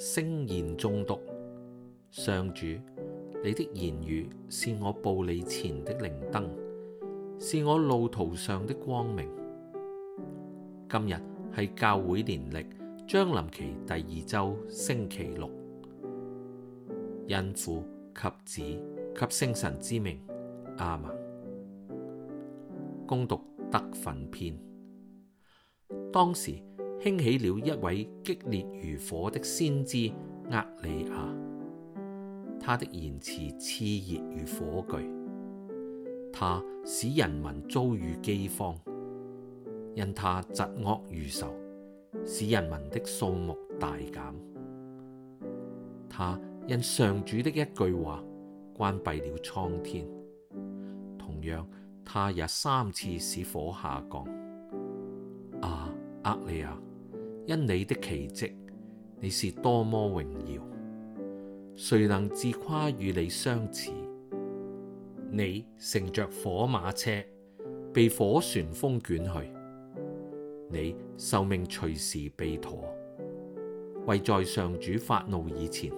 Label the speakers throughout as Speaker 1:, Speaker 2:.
Speaker 1: 聖言誦讀。上主，你的言語是我步你前的靈燈，是我路途上的光明。今日係教會年曆將臨期第二周星期六，因父及子及聖神之名，阿門。恭、啊、讀德訓篇，當時。興起了一位激烈如火的先知厄里亞，他的言辭熾熱如火炬，他使人民遭遇饑荒，因他嫉惡如仇，使人民的數目大減。他因上主的一句話，關閉了蒼天，同樣，他也三次使火下降。啊，厄里亞！因你的奇蹟，你是多麼榮耀，誰能自誇與你相似？你乘着火馬車，被火旋風捲去。你受命隨時備妥，為在上主發怒以前，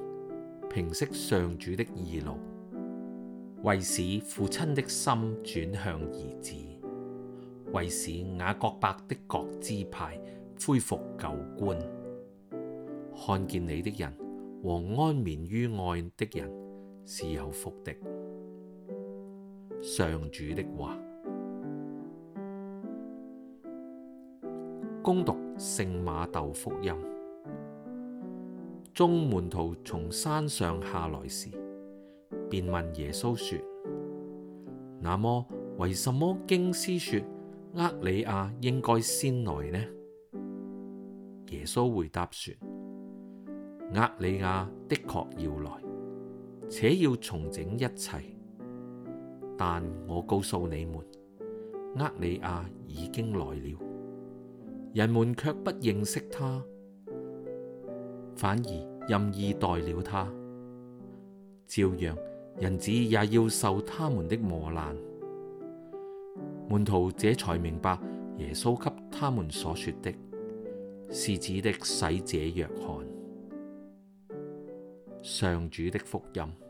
Speaker 1: 平息上主的義怒，為使父親的心轉向兒子，為使雅各伯的各支派。恢復舊觀，看見你的人和安眠於愛的人是有福的。上主的話。恭讀聖瑪竇福音。眾門徒從山上下來時，便問耶穌說：「那麼為什麼經師說厄里亞應該先來呢？耶穌回答說：「厄里亞的確要來，且要重整一切。但我告訴你們，厄里亞已經來了，人們卻不認識他，反而任意待了他，照樣，人子也要受他們的磨難。門徒這才明白耶穌給他們所說的。是指的洗者若翰。上主的福音。